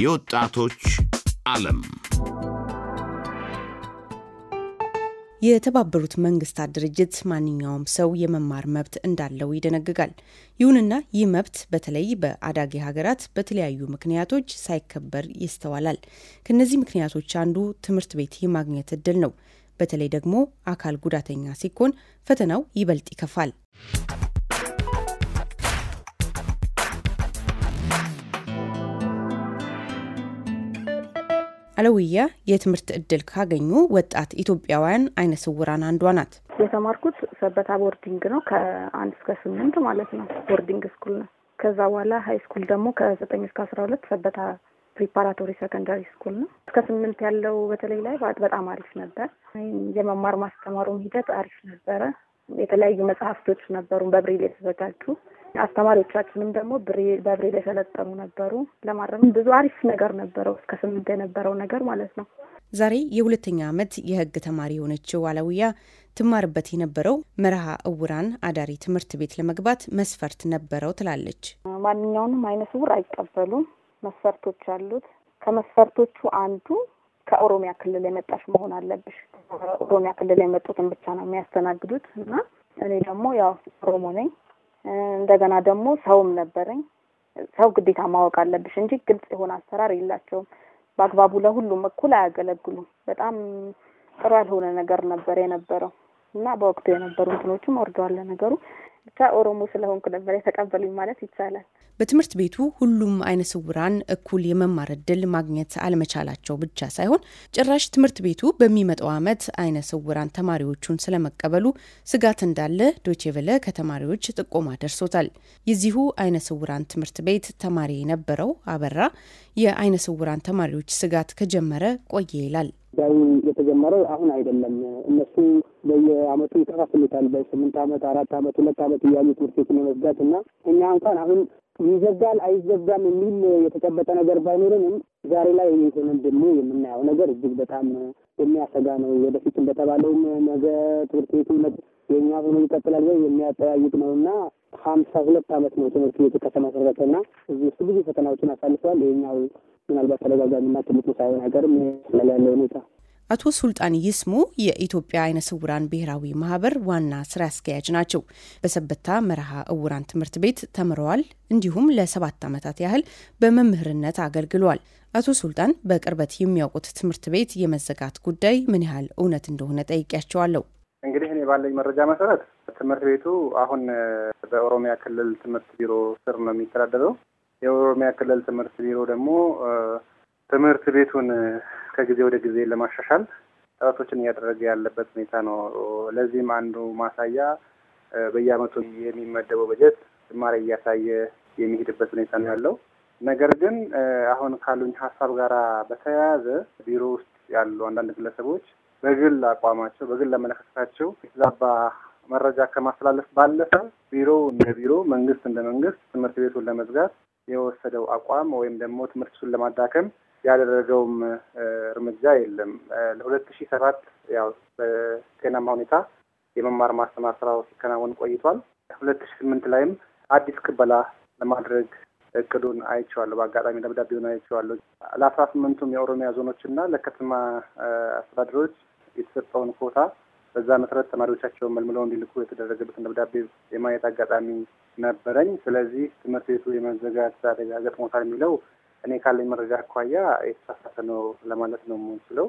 የወጣቶች ዓለም የተባበሩት መንግስታት ድርጅት ማንኛውም ሰው የመማር መብት እንዳለው ይደነግጋል። ይሁንና ይህ መብት በተለይ በአዳጊ ሀገራት በተለያዩ ምክንያቶች ሳይከበር ይስተዋላል። ከነዚህ ምክንያቶች አንዱ ትምህርት ቤት የማግኘት እድል ነው። በተለይ ደግሞ አካል ጉዳተኛ ሲኮን ፈተናው ይበልጥ ይከፋል። አለውያ የትምህርት እድል ካገኙ ወጣት ኢትዮጵያውያን አይነ ስውራን አንዷ ናት። የተማርኩት ሰበታ ቦርዲንግ ነው። ከአንድ እስከ ስምንት ማለት ነው። ቦርዲንግ ስኩል ነው። ከዛ በኋላ ሀይ ስኩል ደግሞ ከዘጠኝ እስከ አስራ ሁለት ሰበታ ፕሪፓራቶሪ ሰከንዳሪ ስኩል ነው። እስከ ስምንት ያለው በተለይ ላይ በጣም አሪፍ ነበር። የመማር ማስተማሩም ሂደት አሪፍ ነበረ። የተለያዩ መጽሐፍቶች ነበሩ በብሬል የተዘጋጁ። አስተማሪዎቻችንም ደግሞ በብሬል የሰለጠኑ ነበሩ። ለማረም ብዙ አሪፍ ነገር ነበረው እስከ ስምንት የነበረው ነገር ማለት ነው። ዛሬ የሁለተኛ ዓመት የህግ ተማሪ የሆነችው አላውያ ትማርበት የነበረው መርሃ እውራን አዳሪ ትምህርት ቤት ለመግባት መስፈርት ነበረው ትላለች። ማንኛውንም አይነት እውር አይቀበሉም። መስፈርቶች አሉት። ከመስፈርቶቹ አንዱ ከኦሮሚያ ክልል የመጣሽ መሆን አለብሽ። ኦሮሚያ ክልል የመጡትን ብቻ ነው የሚያስተናግዱት እና እኔ ደግሞ ያው ኦሮሞ ነኝ። እንደገና ደግሞ ሰውም ነበረኝ። ሰው ግዴታ ማወቅ አለብሽ እንጂ ግልጽ የሆነ አሰራር የላቸውም። በአግባቡ ለሁሉም እኩል አያገለግሉም። በጣም ጥሩ ያልሆነ ነገር ነበር የነበረው እና በወቅቱ የነበሩ እንትኖችም ወርደዋል ነገሩ ብቻ ኦሮሞ ስለሆንኩ ነበር የተቀበሉኝ ማለት ይቻላል። በትምህርት ቤቱ ሁሉም አይነ ስውራን እኩል የመማር እድል ማግኘት አለመቻላቸው ብቻ ሳይሆን ጭራሽ ትምህርት ቤቱ በሚመጣው ዓመት አይነ ስውራን ተማሪዎቹን ስለመቀበሉ ስጋት እንዳለ ዶቼቨለ ከተማሪዎች ጥቆማ ደርሶታል። የዚሁ አይነ ስውራን ትምህርት ቤት ተማሪ የነበረው አበራ የአይነ ስውራን ተማሪዎች ስጋት ከጀመረ ቆየ ይላል። ጉዳዩ የተጀመረው አሁን አይደለም። እነሱ በየአመቱ ይከፋፍሉታል። በስምንት አመት፣ አራት አመት፣ ሁለት አመት እያሉ ትምህርት ቤቱን የመዝጋት እና እኛ እንኳን አሁን ይዘጋል አይዘጋም የሚል የተጨበጠ ነገር ባይኖርንም ዛሬ ላይ ይሆንን ደግሞ የምናየው ነገር እጅግ በጣም የሚያሰጋ ነው። ወደፊት እንደተባለውም ነገ ትምህርት ቤቱ የኛ ሆኖ ይቀጥላል ወይ የሚያጠያይቅ ነው እና ሀምሳ ሁለት አመት ነው ትምህርት ቤቱ ከተመሰረተ እና ውስጥ ብዙ ፈተናዎችን አሳልፈዋል። ይሄኛው ምናልባት ተደጋጋሚና ትልቁ ሳይሆን ሀገርም ላይ ያለው ሁኔታ አቶ ሱልጣን ይስሙ የኢትዮጵያ አይነ ስውራን ብሔራዊ ማህበር ዋና ስራ አስኪያጅ ናቸው። በሰበታ መርሃ እውራን ትምህርት ቤት ተምረዋል። እንዲሁም ለሰባት ዓመታት ያህል በመምህርነት አገልግሏል። አቶ ሱልጣን በቅርበት የሚያውቁት ትምህርት ቤት የመዘጋት ጉዳይ ምን ያህል እውነት እንደሆነ ጠይቄያቸዋለሁ። እንግዲህ እኔ ባለኝ መረጃ መሰረት ትምህርት ቤቱ አሁን በኦሮሚያ ክልል ትምህርት ቢሮ ስር ነው የሚተዳደረው። የኦሮሚያ ክልል ትምህርት ቢሮ ደግሞ ትምህርት ቤቱን ከጊዜ ወደ ጊዜ ለማሻሻል ጥረቶችን እያደረገ ያለበት ሁኔታ ነው። ለዚህም አንዱ ማሳያ በየዓመቱ የሚመደበው በጀት ጭማሪ እያሳየ የሚሄድበት ሁኔታ ነው ያለው። ነገር ግን አሁን ካሉኝ ሀሳብ ጋር በተያያዘ ቢሮ ውስጥ ያሉ አንዳንድ ግለሰቦች በግል አቋማቸው፣ በግል አመለካከታቸው የተዛባ መረጃ ከማስተላለፍ ባለፈ ቢሮ እንደ ቢሮ፣ መንግስት እንደ መንግስት ትምህርት ቤቱን ለመዝጋት የወሰደው አቋም ወይም ደግሞ ትምህርቱን ለማዳከም ያደረገውም እርምጃ የለም። ለሁለት ሺህ ሰባት ያው በጤናማ ሁኔታ የመማር ማስተማር ስራው ሲከናወን ቆይቷል። ሁለት ሺህ ስምንት ላይም አዲስ ቅበላ ለማድረግ እቅዱን አይቼዋለሁ። በአጋጣሚ ደብዳቤውን አይቼዋለሁ። ለአስራ ስምንቱም የኦሮሚያ ዞኖችና ለከተማ አስተዳደሮች የተሰጠውን ኮታ በዛ መሰረት ተማሪዎቻቸውን መልምለው እንዲልኩ የተደረገበትን ደብዳቤ የማየት አጋጣሚ ነበረኝ። ስለዚህ ትምህርት ቤቱ የመዘጋት አደጋ ገጥሞታል የሚለው እኔ ካለኝ መረጃ አኳያ የተሳሳተ ነው ለማለት ነው የምንችለው።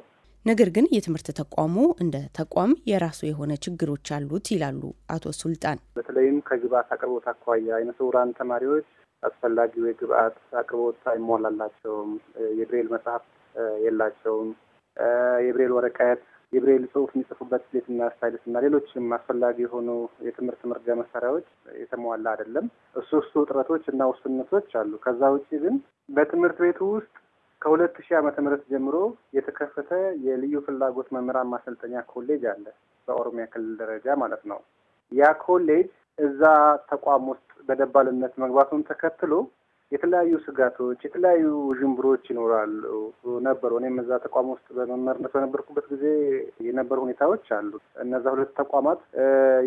ነገር ግን የትምህርት ተቋሙ እንደ ተቋም የራሱ የሆነ ችግሮች አሉት ይላሉ አቶ ሱልጣን። በተለይም ከግብአት አቅርቦት አኳያ አይነ ተማሪዎች አስፈላጊው የግብአት አቅርቦት አይሟላላቸውም። የብሬል መጽሐፍ የላቸውም። የብሬል ወረቀት የብሬል ጽሁፍ የሚጽፉበት እና ስታይልስ እና ሌሎችም አስፈላጊ የሆኑ የትምህርት መርጃ መሳሪያዎች የተሟላ አይደለም። እሱ እሱ እጥረቶች እና ውስንነቶች አሉ። ከዛ ውጭ ግን በትምህርት ቤቱ ውስጥ ከሁለት ሺህ ዓመተ ምህረት ጀምሮ የተከፈተ የልዩ ፍላጎት መምህራን ማሰልጠኛ ኮሌጅ አለ፣ በኦሮሚያ ክልል ደረጃ ማለት ነው። ያ ኮሌጅ እዛ ተቋም ውስጥ በደባልነት መግባቱን ተከትሎ የተለያዩ ስጋቶች፣ የተለያዩ ዥንብሮች ይኖራሉ ነበሩ። እኔም እዛ ተቋም ውስጥ በመመርነት በነበርኩበት ጊዜ የነበሩ ሁኔታዎች አሉ። እነዛ ሁለት ተቋማት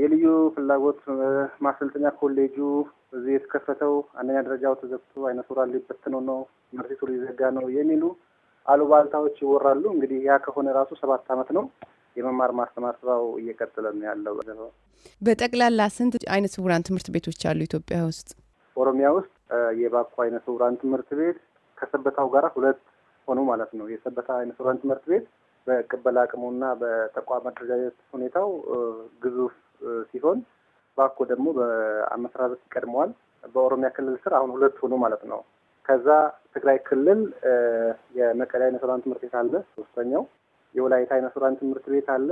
የልዩ ፍላጎት ማሰልጠኛ ኮሌጁ እዚህ የተከፈተው አንደኛ ደረጃው ተዘግቶ አይነ ስውራን ሊበትነው ነው፣ መርሲቱ ሊዘጋ ነው የሚሉ አሉባልታዎች ይወራሉ። እንግዲህ ያ ከሆነ ራሱ ሰባት አመት ነው የመማር ማስተማር ስራው እየቀጠለ ነው ያለው። በጠቅላላ ስንት አይነ ስውራን ትምህርት ቤቶች አሉ ኢትዮጵያ ውስጥ? ኦሮሚያ ውስጥ የባኮ አይነ ስውራን ትምህርት ቤት ከሰበታው ጋራ ሁለት ሆኖ ማለት ነው። የሰበታ አይነ ስውራን ትምህርት ቤት በቅበላ አቅሙና በተቋም አደረጃጀት ሁኔታው ግዙፍ ሲሆን ባኮ ደግሞ በአመሰራረት ይቀድመዋል። በኦሮሚያ ክልል ስር አሁን ሁለት ሆኖ ማለት ነው። ከዛ ትግራይ ክልል የመቀሌ አይነ ስውራን ትምህርት ቤት አለ፣ ሶስተኛው የወላይታ አይነ ስውራን ትምህርት ቤት አለ፣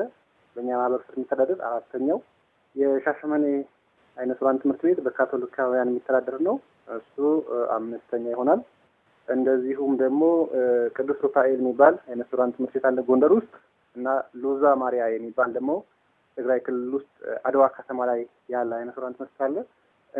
በእኛ ማህበረሰብ የሚተዳደር አራተኛው የሻሸመኔ አይነ ስራን ትምህርት ቤት በካቶሊካውያን የሚተዳደር ነው። እሱ አምስተኛ ይሆናል። እንደዚሁም ደግሞ ቅዱስ ሩፋኤል የሚባል አይነ ስራን ትምህርት ቤት አለ ጎንደር ውስጥ እና ሎዛ ማሪያ የሚባል ደግሞ ትግራይ ክልል ውስጥ አድዋ ከተማ ላይ ያለ አይነ ስራን ትምህርት ቤት አለ።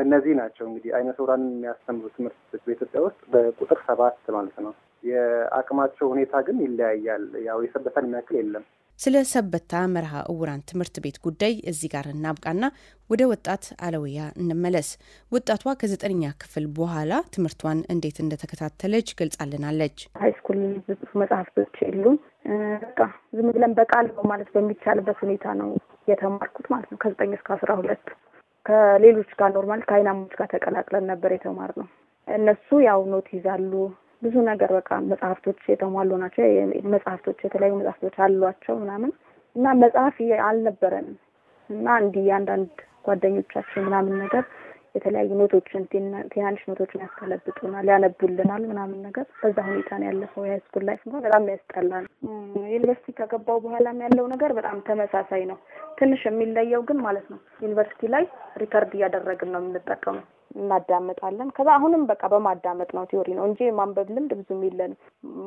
እነዚህ ናቸው እንግዲህ አይነ ስውራን የሚያስተምሩ ትምህርት በኢትዮጵያ ውስጥ በቁጥር ሰባት ማለት ነው። የአቅማቸው ሁኔታ ግን ይለያያል። ያው የሰበታን የሚያክል የለም። ስለ ሰበታ መርሃ እውራን ትምህርት ቤት ጉዳይ እዚህ ጋር እናብቃና ወደ ወጣት አለውያ እንመለስ። ወጣቷ ከዘጠነኛ ክፍል በኋላ ትምህርቷን እንዴት እንደተከታተለች ገልጻልናለች። ሃይስኩል ጽሁፍ መጽሐፍቶች የሉም። በቃ ዝም ብለን በቃል ነው ማለት በሚቻልበት ሁኔታ ነው የተማርኩት ማለት ነው። ከዘጠኝ እስከ አስራ ሁለት ከሌሎች ጋር ኖርማል ከአይናሞች ጋር ተቀላቅለን ነበር የተማር ነው። እነሱ ያው ኖት ይዛሉ ብዙ ነገር በቃ መጽሐፍቶች የተሟሉ ናቸው። መጽሐፍቶች የተለያዩ መጽሐፍቶች አሏቸው ምናምን እና መጽሐፍ አልነበረንም እና እንዲህ የአንዳንድ ጓደኞቻችን ምናምን ነገር የተለያዩ ኖቶችን ትናንሽ ኖቶችን ያስገለብጡናል፣ ያነቡልናል ምናምን ነገር በዛ ሁኔታ ነው ያለፈው። የሃይስኩል ላይፍ እንኳን በጣም ያስጠላ ነው። ዩኒቨርሲቲ ከገባው በኋላም ያለው ነገር በጣም ተመሳሳይ ነው። ትንሽ የሚለየው ግን ማለት ነው ዩኒቨርሲቲ ላይ ሪከርድ እያደረግን ነው የምንጠቀመው እናዳምጣለን። ከዛ አሁንም በቃ በማዳመጥ ነው ቲዮሪ ነው እንጂ የማንበብ ልምድ ብዙም የለንም።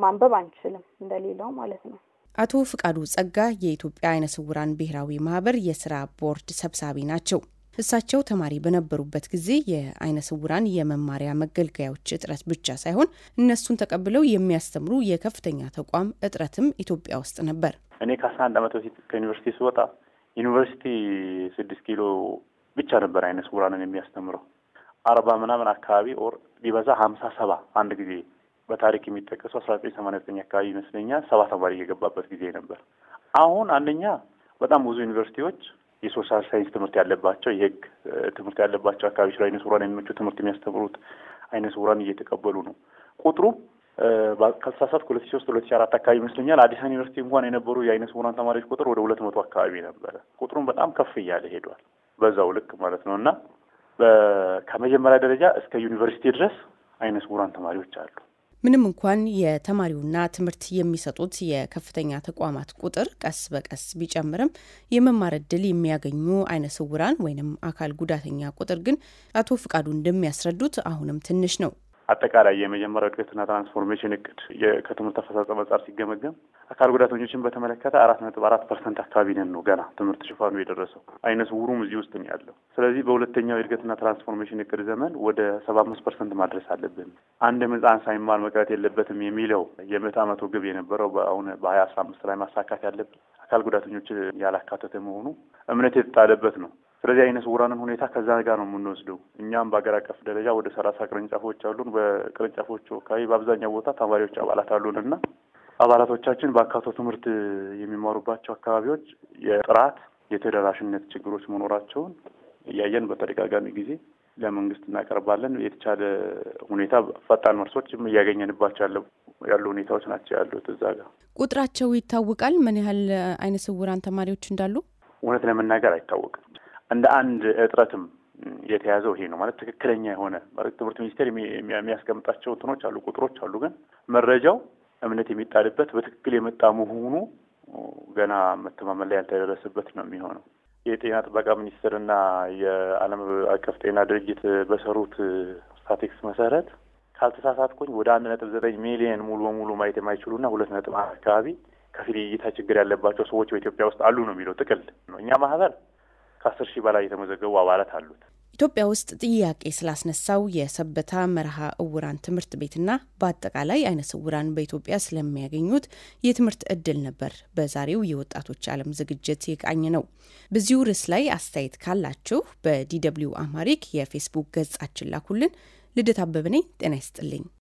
ማንበብ አንችልም እንደሌላው ማለት ነው። አቶ ፍቃዱ ጸጋ የኢትዮጵያ አይነ ስውራን ብሔራዊ ማህበር የስራ ቦርድ ሰብሳቢ ናቸው። እሳቸው ተማሪ በነበሩበት ጊዜ የአይነ ስውራን የመማሪያ መገልገያዎች እጥረት ብቻ ሳይሆን እነሱን ተቀብለው የሚያስተምሩ የከፍተኛ ተቋም እጥረትም ኢትዮጵያ ውስጥ ነበር። እኔ ከአስራ አንድ ዓመት በፊት ከዩኒቨርሲቲ ስወጣ ዩኒቨርሲቲ ስድስት ኪሎ ብቻ ነበር አይነ ስውራንን የሚያስተምረው አርባ ምናምን አካባቢ ኦር ሊበዛ ሀምሳ ሰባ አንድ ጊዜ በታሪክ የሚጠቀሰው አስራ ዘጠኝ ሰማንያ ዘጠኝ አካባቢ ይመስለኛል ሰባ ተማሪ እየገባበት ጊዜ ነበር። አሁን አንደኛ በጣም ብዙ ዩኒቨርሲቲዎች የሶሻል ሳይንስ ትምህርት ያለባቸው የህግ ትምህርት ያለባቸው አካባቢዎች ላይ አይነ ስውራን የሚመቹ ትምህርት የሚያስተምሩት አይነ ስውራን እየተቀበሉ ነው። ቁጥሩ ከተሳሳት ሁለት ሺ ሶስት ሁለት ሺ አራት አካባቢ ይመስለኛል አዲስ ዩኒቨርሲቲ እንኳን የነበሩ የአይነ ስውራን ተማሪዎች ቁጥር ወደ ሁለት መቶ አካባቢ ነበረ። ቁጥሩም በጣም ከፍ እያለ ሄዷል። በዛው ልክ ማለት ነው እና ከመጀመሪያ ደረጃ እስከ ዩኒቨርሲቲ ድረስ አይነ ስውራን ተማሪዎች አሉ። ምንም እንኳን የተማሪውና ትምህርት የሚሰጡት የከፍተኛ ተቋማት ቁጥር ቀስ በቀስ ቢጨምርም የመማር እድል የሚያገኙ አይነ ስውራን ወይንም አካል ጉዳተኛ ቁጥር ግን አቶ ፍቃዱ እንደሚያስረዱት አሁንም ትንሽ ነው። አጠቃላይ የመጀመሪያው እድገትና ትራንስፎርሜሽን እቅድ ከትምህርት አፈጻጸም አንጻር ሲገመገም አካል ጉዳተኞችን በተመለከተ አራት ነጥብ አራት ፐርሰንት አካባቢ ነን ነው ገና ትምህርት ሽፋኑ የደረሰው። አይነ ስውሩም እዚህ ውስጥ ነው ያለው። ስለዚህ በሁለተኛው የእድገትና ትራንስፎርሜሽን እቅድ ዘመን ወደ ሰባ አምስት ፐርሰንት ማድረስ አለብን። አንድ ሕፃን ሳይማር መቅረት የለበትም የሚለው የምዕተ ዓመቱ ግብ የነበረው በአሁን በሀያ አስራ አምስት ላይ ማሳካት ያለብን አካል ጉዳተኞች ያላካተተ መሆኑ እምነት የተጣለበት ነው። ስለዚህ አይነ ስውራንን ሁኔታ ከዛ ጋር ነው የምንወስደው። እኛም በሀገር አቀፍ ደረጃ ወደ ሰላሳ ቅርንጫፎች አሉን። በቅርንጫፎቹ አካባቢ በአብዛኛው ቦታ ተማሪዎች አባላት አሉን እና አባላቶቻችን በአካቶ ትምህርት የሚማሩባቸው አካባቢዎች የጥራት የተደራሽነት ችግሮች መኖራቸውን እያየን በተደጋጋሚ ጊዜ ለመንግስት እናቀርባለን። የተቻለ ሁኔታ ፈጣን መርሶችም እያገኘንባቸው ያለ ያሉ ሁኔታዎች ናቸው ያሉት። እዛ ጋር ቁጥራቸው ይታወቃል። ምን ያህል አይነ ስውራን ተማሪዎች እንዳሉ እውነት ለመናገር አይታወቅም። እንደ አንድ እጥረትም የተያዘው ይሄ ነው ማለት ትክክለኛ የሆነ ትምህርት ሚኒስቴር የሚያስቀምጣቸው እንትኖች አሉ፣ ቁጥሮች አሉ። ግን መረጃው እምነት የሚጣልበት በትክክል የመጣ መሆኑ ገና መተማመን ላይ ያልተደረሰበት ነው የሚሆነው። የጤና ጥበቃ ሚኒስቴርና የዓለም አቀፍ ጤና ድርጅት በሰሩት ስታቲክስ መሰረት ካልተሳሳትኩኝ ወደ አንድ ነጥብ ዘጠኝ ሚሊየን ሙሉ በሙሉ ማየት የማይችሉና ሁለት ነጥብ አካባቢ ከፊል እይታ ችግር ያለባቸው ሰዎች በኢትዮጵያ ውስጥ አሉ ነው የሚለው ጥቅል። እኛ ማህበር ከአስር ሺህ በላይ የተመዘገቡ አባላት አሉት። ኢትዮጵያ ውስጥ ጥያቄ ስላስነሳው የሰበታ መርሃ እውራን ትምህርት ቤትና በአጠቃላይ አይነ ስውራን በኢትዮጵያ ስለሚያገኙት የትምህርት እድል ነበር በዛሬው የወጣቶች ዓለም ዝግጅት የቃኝ ነው። በዚሁ ርዕስ ላይ አስተያየት ካላችሁ በዲደብሊው አማሪክ የፌስቡክ ገጻችን ላኩልን። ልደት አበበ ነኝ። ጤና ይስጥልኝ።